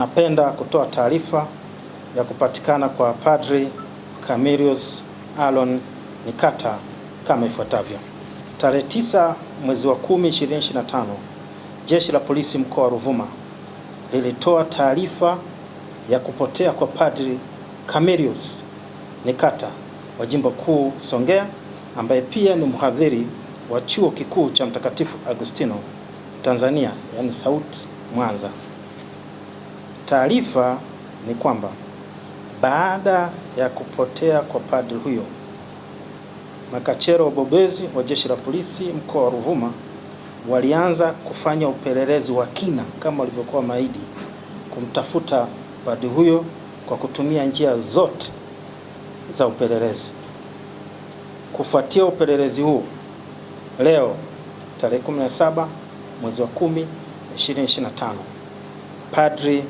Napenda kutoa taarifa ya kupatikana kwa Padri Camillus Alon Nikata kama ifuatavyo. Tarehe 9 mwezi wa 10 2025, Jeshi la Polisi mkoa wa Ruvuma lilitoa taarifa ya kupotea kwa Padri Camillus Nikata wa Jimbo Kuu Songea, ambaye pia ni mhadhiri wa Chuo Kikuu cha Mtakatifu Agustino Tanzania, yani SAUT Mwanza. Taarifa ni kwamba baada ya kupotea kwa padri huyo, makachero wabobezi wa jeshi la polisi mkoa wa Ruvuma walianza kufanya upelelezi wa kina kama walivyokuwa maidi kumtafuta padri huyo kwa kutumia njia zote za upelelezi. Kufuatia upelelezi huu, leo tarehe 17 mwezi wa 10 2025 padri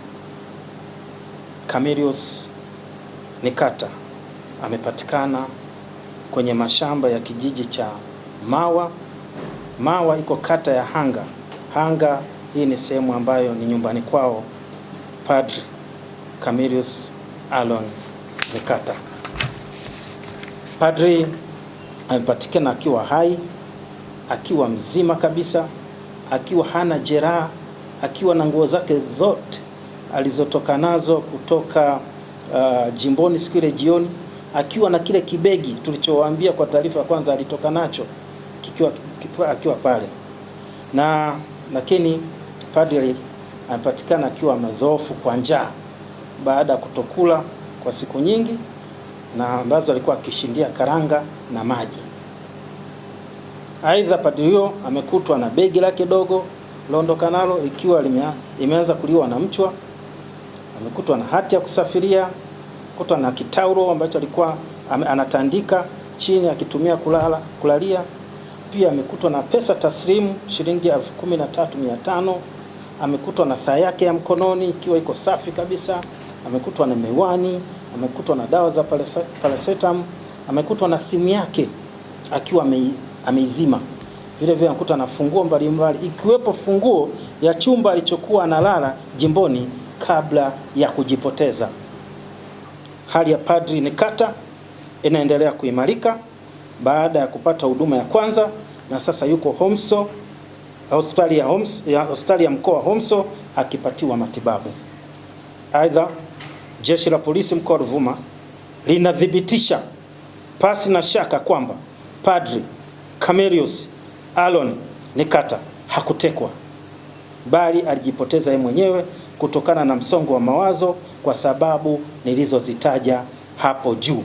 Camillus Nikata amepatikana kwenye mashamba ya kijiji cha Mawa. Mawa iko kata ya Hanga. Hanga hii ni sehemu ambayo ni nyumbani kwao Padre Camillus Alon Nikata. Padri amepatikana akiwa hai, akiwa mzima kabisa, akiwa hana jeraha, akiwa na nguo zake zote alizotoka nazo kutoka uh, jimboni siku ile jioni, akiwa na kile kibegi tulichowaambia kwa taarifa ya kwanza alitoka nacho kikiwa, kikiwa, akiwa pale na lakini padri amepatikana akiwa mazoofu kwa njaa baada ya kutokula kwa siku nyingi, na ambazo alikuwa akishindia karanga na maji. Aidha, padri huyo amekutwa na begi lake dogo liondoka nalo ikiwa limeanza kuliwa na mchwa amekutwa na hati ya kusafiria, kutwa na kitauro ambacho alikuwa anatandika chini akitumia kulala, kulalia. Pia amekutwa na pesa taslimu shilingi elfu kumi na tatu mia tano. Amekutwa na saa yake ya mkononi ikiwa iko safi kabisa. Amekutwa na miwani, amekutwa na dawa za paracetam, amekutwa na simu yake akiwa ameizima. Vile vile amekuta na funguo mbalimbali ikiwepo funguo ya chumba alichokuwa analala Jimboni kabla ya kujipoteza. Hali ya Padri Nikata inaendelea kuimarika baada ya kupata huduma ya kwanza, na sasa yuko Homso hospitali ya, Homs, ya, hospitali ya mkoa wa Homso akipatiwa matibabu. Aidha, jeshi la polisi mkoa wa Ruvuma linathibitisha pasi na shaka kwamba Padri Camerius Alon Nikata hakutekwa bali alijipoteza yeye mwenyewe kutokana na msongo wa mawazo kwa sababu nilizozitaja hapo juu.